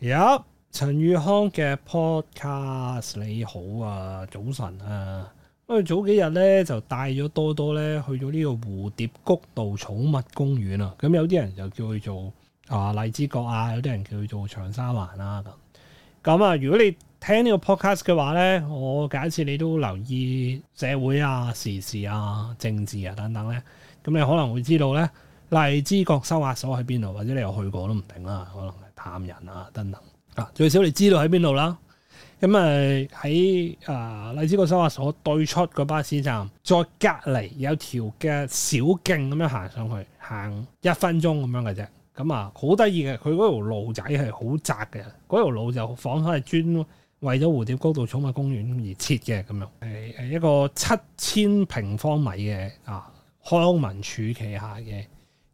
有陳宇康嘅 podcast，你好啊，早晨啊，因為早幾日咧就帶咗多多咧去咗呢個蝴蝶谷道寵物公園啊，咁有啲人就叫佢做啊荔枝角啊，有啲人叫佢做長沙灣啊。咁。咁啊，如果你聽呢個 podcast 嘅話咧，我假設你都留意社會啊、時事啊、政治啊等等咧，咁你可能會知道咧荔枝角收押所喺邊度，或者你有去過都唔定啦，可能。喊人啊，等等啊，最少你知道喺邊度啦。咁、嗯嗯、啊喺啊荔枝角收押所對出嗰巴士站，再隔籬有條嘅小徑咁樣行上去，行一分鐘咁樣嘅啫。咁、嗯、啊，好得意嘅，佢嗰條路仔係好窄嘅，嗰條路就仿佛係專為咗蝴蝶谷道寵物公園而設嘅咁樣。係、嗯、係、嗯嗯、一個七千平方米嘅啊康文署旗下嘅。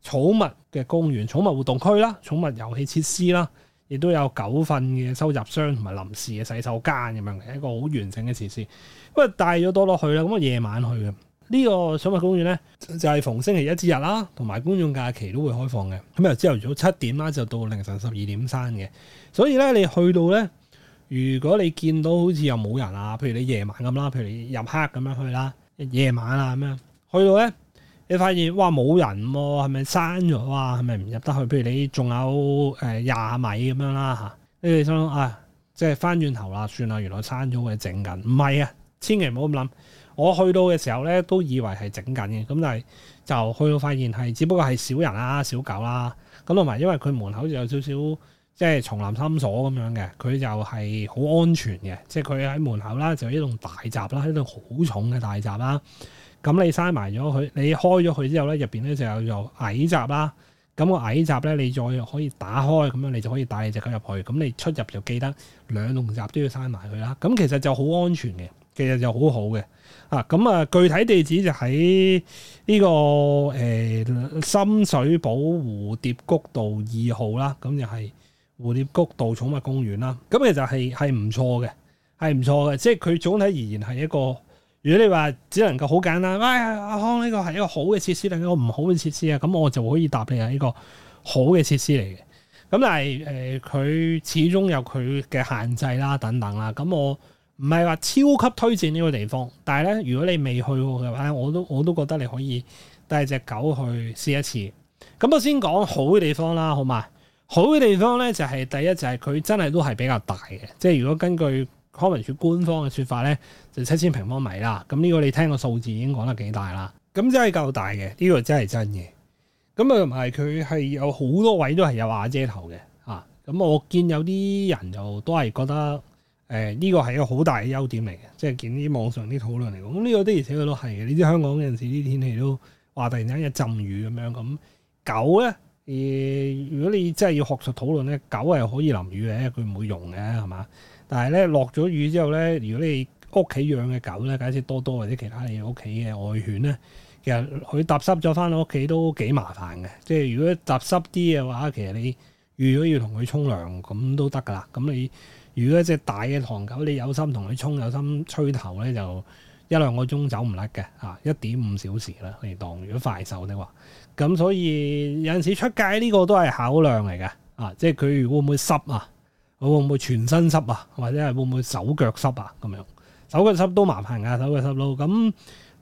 寵物嘅公園、寵物活動區啦、寵物遊戲設施啦，亦都有狗糞嘅收集箱同埋臨時嘅洗手間咁樣嘅一個好完整嘅設施。不過帶咗多落去啦，咁啊夜晚去嘅呢、呢個寵物公園呢，就係、是、逢星期一至日啦，同埋公眾假期都會開放嘅。咁由朝頭早七點啦，就到凌晨十二點閂嘅。所以呢，你去到呢，如果你見到好似又冇人啊，譬如你夜晚咁啦，譬如你入黑咁樣去啦，夜晚啊咁樣去到呢。你發現哇冇人喎，係咪閂咗啊？係咪唔入得去？譬如你仲有誒廿、呃、米咁樣啦嚇，你哋想啊，即係翻轉頭啦，算啦，原來閂咗佢整緊。唔係啊，千祈唔好咁諗。我去到嘅時候咧，都以為係整緊嘅，咁但係就去到發現係只不過係少人啊、小狗啦、啊。咁同埋因為佢門口就有少少即係重門深鎖咁樣嘅，佢就係好安全嘅，即係佢喺門口啦，就有一棟大閘啦，一棟好重嘅大閘啦。咁你閂埋咗佢，你開咗佢之後咧，入邊咧就有又矮閘啦。咁、那個矮閘咧，你再可以打開，咁樣你就可以帶你隻狗入去。咁你出入就記得兩棟閘都要閂埋佢啦。咁其實就好安全嘅，其實就好好嘅。啊，咁啊，具體地址就喺呢、這個誒、欸、深水埗蝴蝶谷道二號啦。咁就係蝴蝶谷道寵物公園啦。咁其實係係唔錯嘅，係唔錯嘅。即係佢總體而言係一個。如果你話只能夠好簡單，喂、哎，阿康呢、這個係一個好嘅設施定、這個、一個唔好嘅設施啊？咁我就可以答你係呢、這個、個好嘅設施嚟嘅。咁但係誒，佢、呃、始終有佢嘅限制啦，等等啦。咁我唔係話超級推薦呢個地方，但係咧，如果你未去過嘅話，我都我都覺得你可以帶隻狗去試一次。咁我先講好嘅地方啦，好嘛？好嘅地方咧就係、是、第一就係、是、佢真係都係比較大嘅，即係如果根據。康文署官方嘅說法咧，就七千平方米啦。咁呢個你聽個數字已經講得幾大啦。咁真係夠大嘅，呢、這個真係真嘅。咁啊，唔係佢係有好多位都係有瓦遮頭嘅嚇。咁、啊、我見有啲人就都係覺得，誒、呃、呢、這個係一個好大嘅優點嚟嘅，即、就、係、是、見啲網上啲討論嚟講。咁、嗯、呢、這個的而且確都係嘅。你知香港嗰陣時啲天氣都話突然間有浸雨咁樣。咁、嗯、狗咧，誒、呃、如果你真係要學術討論咧，狗係可以淋雨嘅，佢唔會溶嘅，係嘛？但係咧落咗雨之後咧，如果你屋企養嘅狗咧，假設多多或者其他你屋企嘅外犬咧，其實佢踏濕咗返到屋企都幾麻煩嘅。即係如果踏濕啲嘅話，其實你，你如果要同佢沖涼咁都得㗎啦。咁你如果隻大嘅唐狗，你有心同佢沖，有心吹頭咧，就一兩個鐘走唔甩嘅嚇，一點五小時啦，你、啊、當。如果快手的話，咁所以有陣時出街呢個都係考量嚟嘅啊，即係佢會唔會濕啊？我會唔會全身濕啊？或者係會唔會手腳濕啊？咁樣手腳濕都麻煩噶，手腳濕咯。咁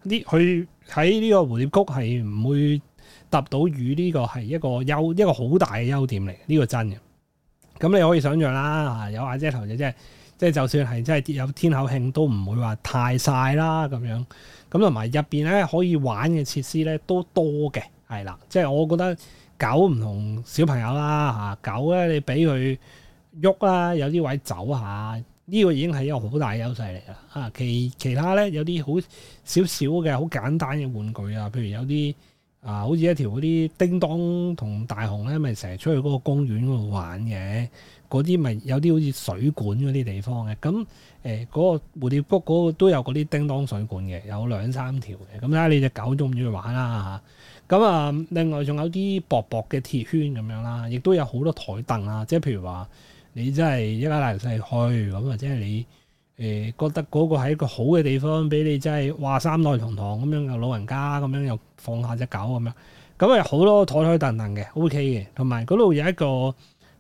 呢？佢喺呢個蝴蝶谷係唔會揼到雨，呢個係一個優，一個好大嘅優點嚟，呢個真嘅。咁你可以想象啦，有阿姐頭嘅，即係即係，就算係真係有天口慶都唔會話太晒啦咁樣。咁同埋入邊咧可以玩嘅設施咧都多嘅，係啦。即係我覺得狗唔同小朋友啦嚇，狗咧你俾佢。喐啦、啊，有啲位走下，呢、這個已經係一個好大優勢嚟啦嚇。其其他咧有啲好少少嘅好簡單嘅玩具啊，譬如有啲啊，好似一條嗰啲叮當同大雄咧，咪成日出去嗰個公園度玩嘅。嗰啲咪有啲好似水管嗰啲地方嘅。咁誒嗰個蝴蝶谷嗰個都有嗰啲叮當水管嘅，有兩三條嘅。咁睇下你隻狗中唔中意玩啦嚇、啊。咁啊，另外仲有啲薄薄嘅鐵圈咁樣啦，亦都有好多枱凳啊，即係譬如話。你真係一家大細去咁啊！即係你誒、呃、覺得嗰個喺一個好嘅地方，俾你真係哇三代同堂咁樣嘅老人家，咁樣又放下隻狗咁樣，咁啊好咯，妥妥凳凳嘅，O K 嘅。同埋嗰度有一個，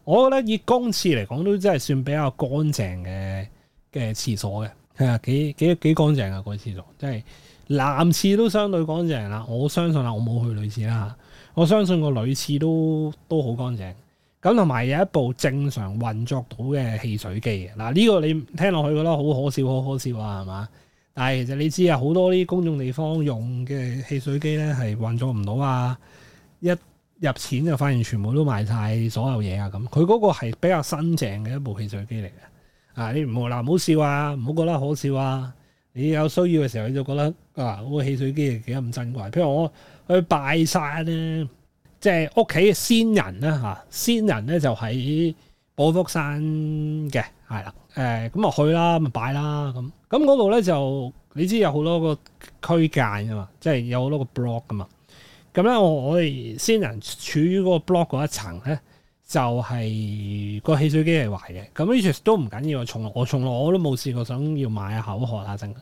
我覺得以公廁嚟講都真係算比較乾淨嘅嘅廁所嘅，係啊，幾幾幾乾淨啊、個廁所，即係男廁都相對乾淨啦。我相信啊，我冇去女廁啦，我相信個女廁都都好乾淨。咁同埋有一部正常運作到嘅汽水機，嗱、這、呢個你聽落去覺得好可笑，好可笑啊，係嘛？但係其實你知啊，好多啲公眾地方用嘅汽水機咧係運作唔到啊，一入錢就發現全部都賣晒所有嘢啊咁。佢嗰個係比較新淨嘅一部汽水機嚟嘅，啊你唔好喇唔好笑啊，唔好覺得可笑啊，你有需要嘅時候你就覺得啊嗰、這個汽水機幾咁珍貴，譬如我去拜山咧。即係屋企嘅先人咧嚇，先人咧就喺寶福山嘅，係啦，誒咁啊去啦，咪拜啦咁。咁嗰度咧就你知有好多個區間噶嘛，即係有好多個 block 噶嘛。咁咧我我哋先人處於嗰個 block 嗰一層咧，就係個汽水機係壞嘅。咁呢啲都唔緊要，從來我從來我都冇試過想要買口渴啊成，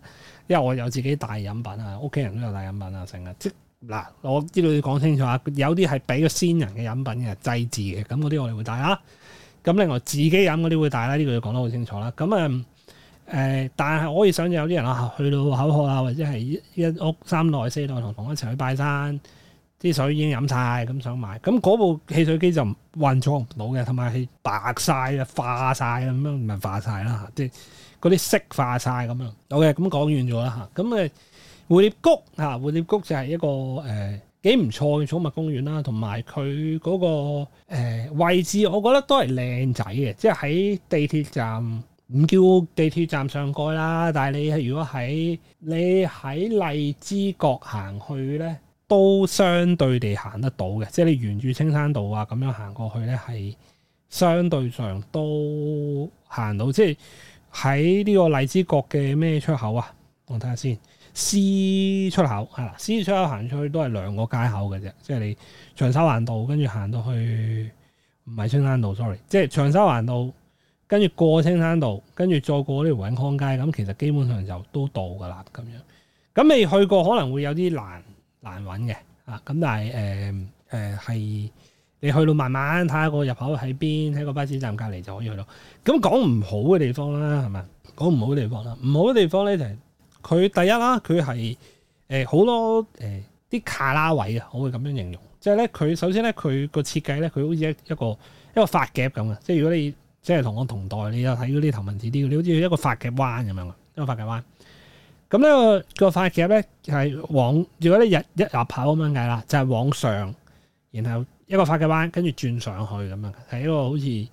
因為我有自己帶飲品啊，屋企人都有帶飲品啊成啊，即嗱，我知道要講清楚啊，有啲係俾個先人嘅飲品嘅祭祀嘅，咁嗰啲我哋會帶啦。咁另外自己飲嗰啲會帶啦，呢、這個要講得好清楚啦。咁啊，誒、呃，但係可以想象有啲人啊，去到口渴啊，或者係一屋三代四代同同一齊去拜山，啲水已經飲晒。咁想買，咁嗰部汽水機就運作唔到嘅，同埋係白晒啦，化曬咁樣，樣，唔係化晒啦嚇，即係嗰啲色化晒咁樣。OK，咁講完咗啦嚇，咁、呃、誒。蝴蝶谷嚇，蝴蝶谷就係一個誒幾唔錯嘅寵物公園啦，同埋佢嗰個、呃、位置，我覺得都係靚仔嘅，即係喺地鐵站唔叫地鐵站上蓋啦，但係你如果喺你喺荔枝角行去咧，都相對地行得到嘅，即係你沿住青山道啊咁樣行過去咧，係相對上都行到，即係喺呢個荔枝角嘅咩出口啊？我睇下先，C 出口係啦，C 出口行出去都係兩個街口嘅啫，即係你長沙環道跟住行到去唔係青山道，sorry，即係長沙環道跟住過青山道，跟住再過呢條永康街，咁其實基本上就都到噶啦，咁樣。咁未去過可能會有啲難難揾嘅，啊，咁但係誒誒係你去到慢慢睇下個入口喺邊，喺個巴士站隔離就可以去到。咁講唔好嘅地方啦，係咪？講唔好嘅地方啦，唔好嘅地方咧就係、是。佢第一啦，佢係誒好多誒啲、呃、卡拉位啊，我會咁樣形容。即係咧，佢首先咧，佢個設計咧，佢好似一一個一個發夾咁嘅。即係如果你即係同我同代，你有睇嗰啲頭文字 D，你好似一個發夾彎咁樣嘅一、嗯這個發夾彎。咁呢個個發夾咧係往，如果你日一,一入口咁樣計啦，就係、是、往上，然後一個發夾彎，跟住轉上去咁啊，係一個好似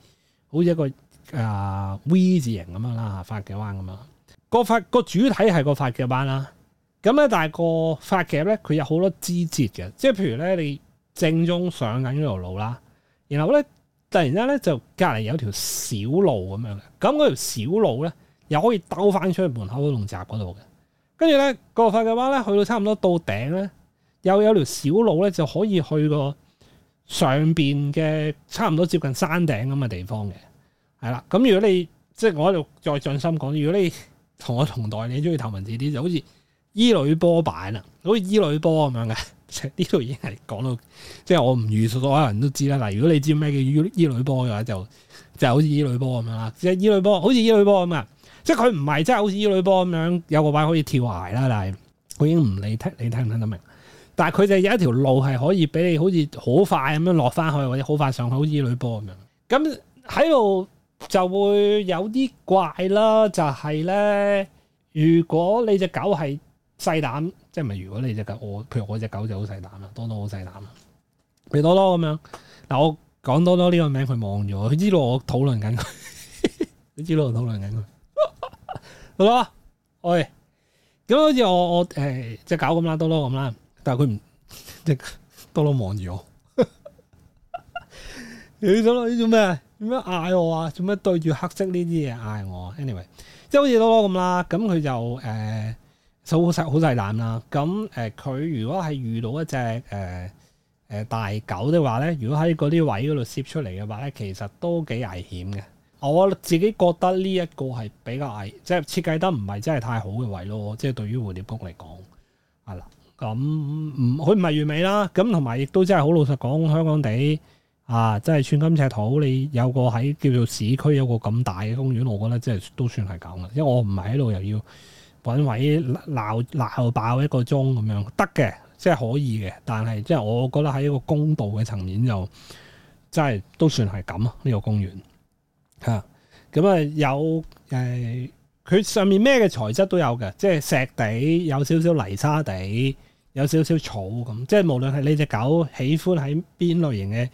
好似一個啊、呃、V 字形咁樣啦，發夾彎咁啊。個發個主體係個發夾灣啦，咁咧，但係個發夾咧，佢有好多枝節嘅，即係譬如咧，你正中上緊嗰條路啦，然後咧，突然間咧就隔離有條小路咁樣嘅，咁嗰條小路咧又可以兜翻出去門口嗰個弄嗰度嘅，跟住咧個發夾灣咧去到差唔多到頂咧，又有條小路咧就可以去個上邊嘅差唔多接近山頂咁嘅地方嘅，係啦，咁如果你即係我喺度再進深講，如果你同我同代，你中意頭文字啲就好似伊類波板啦，好似伊類波咁樣嘅。呢 度已經係講到，即係我唔預述，所有人都知啦。嗱，如果你知咩叫伊依類波嘅話，就就好似伊類波咁樣啦。即係伊類波，好似伊類波咁啊！即係佢唔係，真係好似伊類波咁樣，有個板可以跳崖啦。但係佢已經唔理，聽你聽唔聽得明？但係佢就有一條路係可以俾你好似好快咁樣落翻去，或者好快上去好似伊類波咁樣。咁喺度。就會有啲怪啦，就係、是、咧，如果你隻狗係細膽，即係咪？如果你隻狗，我譬如我隻狗就好細膽啦，多多好細膽啦，譬如多多咁樣。嗱，我講多多呢個名，佢望住我，佢知道我討論緊佢，佢知道我討論緊佢，多多，喂，咁好似我我誒隻、欸、狗咁啦，多多咁啦，但係佢唔，即多多望住我呵呵，你多多你做咩？點樣嗌我啊？做咩對住黑色呢啲嘢嗌我？Anyway，即係好似哆咁啦，咁佢就誒、呃、手好細好細膽啦。咁、嗯、誒，佢、呃、如果係遇到一隻誒誒、呃呃、大狗的話咧，如果喺嗰啲位嗰度攝出嚟嘅話咧，其實都幾危險嘅。我自己覺得呢一個係比較危，即係設計得唔係真係太好嘅位咯。即係對於蝴蝶谷嚟講，係、嗯、啦。咁、嗯、唔，佢唔係完美啦。咁同埋亦都真係好老實講，香港地。啊！即係寸金尺土，你有個喺叫做市區有個咁大嘅公園，我覺得即係都算係咁嘅，因為我唔係喺度又要揾位鬧鬧爆一個鐘咁樣得嘅，即係可以嘅。但係即係我覺得喺一個公道嘅層面就真係都算係咁、這個、啊！呢個公園吓咁啊有誒，佢、呃、上面咩嘅材質都有嘅，即係石地有少少泥沙地，有少少草咁。即係無論係你隻狗喜歡喺邊類型嘅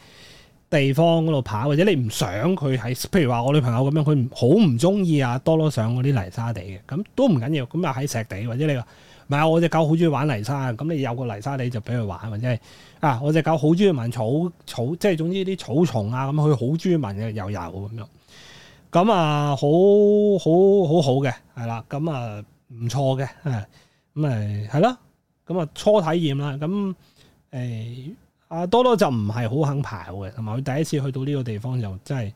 地方度跑，或者你唔想佢喺，譬如話我女朋友咁樣，佢好唔中意啊多咯上嗰啲泥沙地嘅，咁都唔緊要。咁啊喺石地，或者你話唔係我隻狗好中意玩泥沙，咁你有個泥沙地就俾佢玩，或者係啊我隻狗好中意聞草草，即係總之啲草叢啊，咁佢好中意聞嘅油油咁樣。咁啊好好好好嘅，係啦，咁啊唔錯嘅，誒咁誒係啦，咁啊初體驗啦，咁誒。欸啊多多就唔係好肯跑嘅，同埋佢第一次去到呢個地方就真係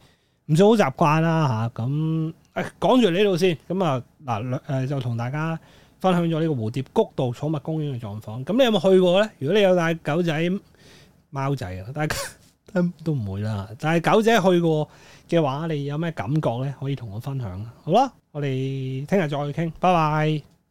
唔算好習慣啦嚇。咁誒講住呢度先，咁啊嗱誒就同大家分享咗呢個蝴蝶谷道寵物公園嘅狀況。咁你有冇去過咧？如果你有帶狗仔、貓仔啊，但係都唔會啦。但係狗仔去過嘅話，你有咩感覺咧？可以同我分享啊！好啦，我哋聽日再去傾，拜拜。